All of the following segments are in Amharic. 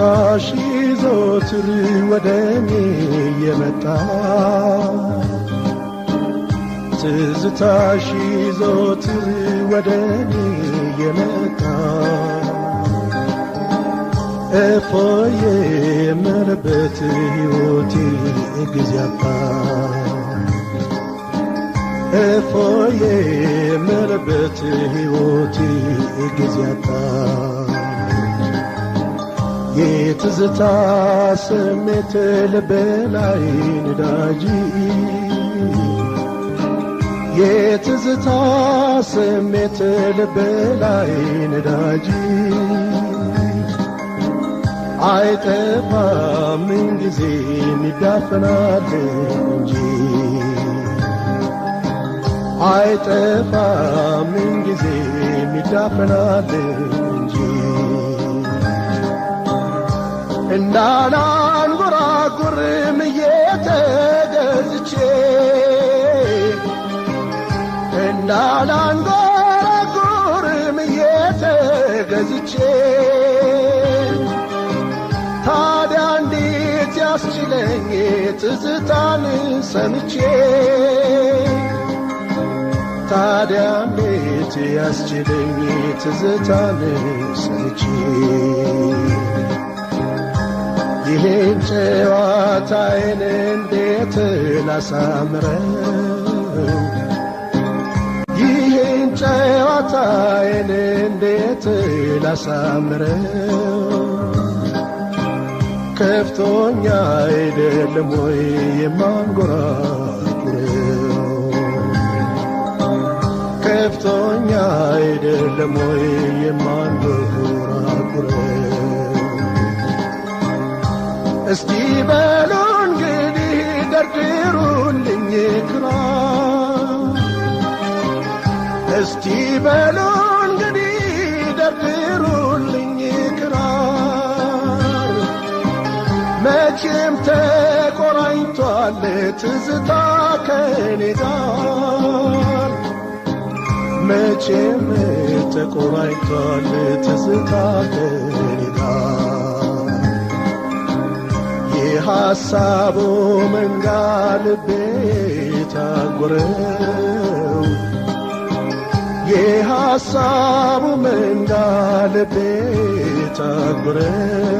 ደስታሽ ይዞትር ወደ እኔ የመጣ ትዝታሽ ይዞትር ወደ እኔ የመጣ እፎዬ የምልበት ሕይወቴ እግዚአባ እፎዬ የምልበት ሕይወቴ እግዚአባ የትዝታ ስሜት ልቤ ላይ ነዳጅ የትዝታ ስሜት ልቤ ላይ ነዳጅ አይጠፋም ምንጊዜም ይዳፈናል እንጂ አይጠፋም ምንጊዜም ይዳፈናል እንዳላንጎራጉርም እየተገዝቼ እንዳላንጎራጉርም እየተገዝቼ ታዲያ እንዴት ያስችለኝ ትዝታን ሰምቼ ታዲያ እንዴት ያስችለኝ ትዝታን ሰምቼ ይህን ጨዋታዬን እንዴት ላሳምረው? ይህን ጨዋታዬን እንዴት ላሳምረው? ከፍቶኛ አይደለም ወይ ከፍቶኛ አይደለም ወይ እስኪ በሉ እንግዲህ ደርድሩልኝ ክራር እስኪ በሉ እንግዲህ ደርድሩልኝ ክራር መቼም ተቆራኝቷል ትዝታ ከኔ ጋር መቼም ተቆራኝቷል ትዝታ ከኔ ጋር በሐሳቡ መንጋ ልቤ ታጐረው የሐሳቡ መንጋ ልቤ ታጐረው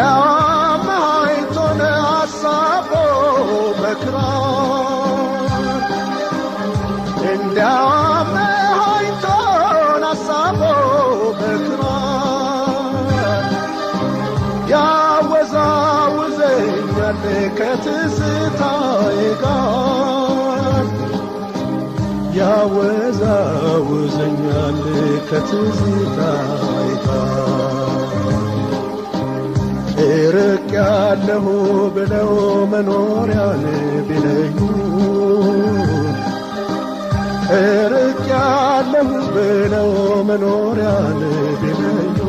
ያማይቶነ አሳቦ በክራር እንዳመሃይቶን ጋር ያወዛውዘኛል ከትዝታዬ ጋር ርቅ ያለሁ ብለው መኖሪያን ቢለዩ ርቅ ያለሁ ብለው መኖሪያን ቢለዩ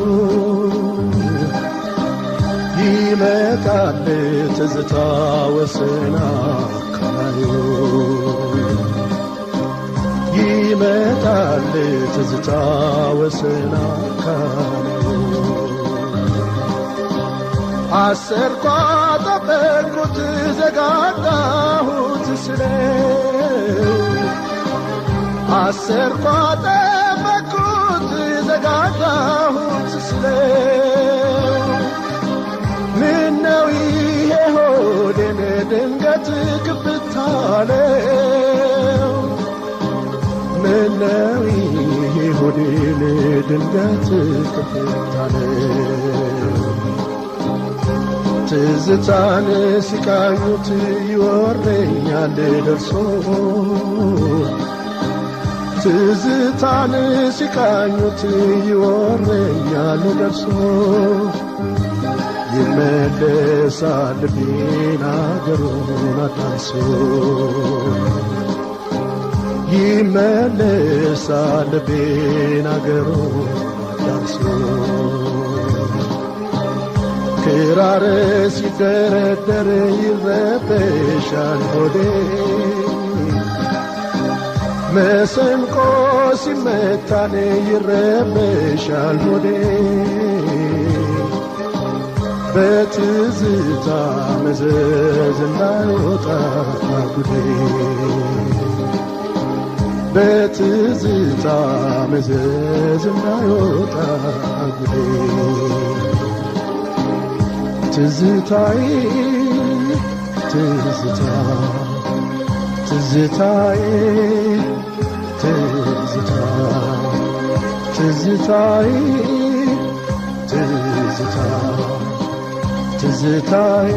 ይመጣል ትዝታ ወስና ይመጣል ትዝታ ወስና አሰርኳ ጠበቅኩት ዘጋጋሁት ስለ አሰርኳ ጠበቅኩት ዘጋጋሁት ስለ ምነው ይሄ ሆዴን ድንገት ክብታለ ምነው ይሄ ሆዴን ድንገት ክብታለ ትዝታን ሲቃኙት ይወረኛል ደርሶ ትዝታን ሲቃኙት ይወረኛል ደርሶ ይመለሳል ልቤን አገሩን አዳንሶ ይመለሳል ልቤን አገሩን አዳንሶ Mirare si tere tere ire peshan hode Mesem ko si metane ire peshan hode በትዝታ መዘዝ እንዳይወጣ ጉዴ በትዝታ መዘዝ እንዳይወጣ ጉዴ ትዝታይ ትዝታ ትዝታይ ትዝታ ትዝታይ ትዝታ ትዝታይ